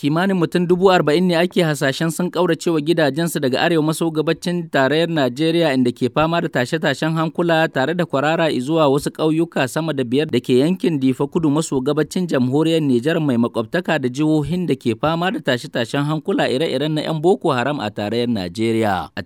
kimanin mutum dubu arba'in ne ake hasashen sun wa gidajensu daga arewa maso gabacin tarayyar najeriya inda ke fama da tashe-tashen hankula tare da kwarara zuwa wasu ƙauyuka sama da biyar da ke yankin difa kudu maso gabacin jamhuriyar nijar mai makwabtaka da jihohin da ke fama da tashe-tashen hankula ire-iren na 'yan boko haram a tarayyar najeriya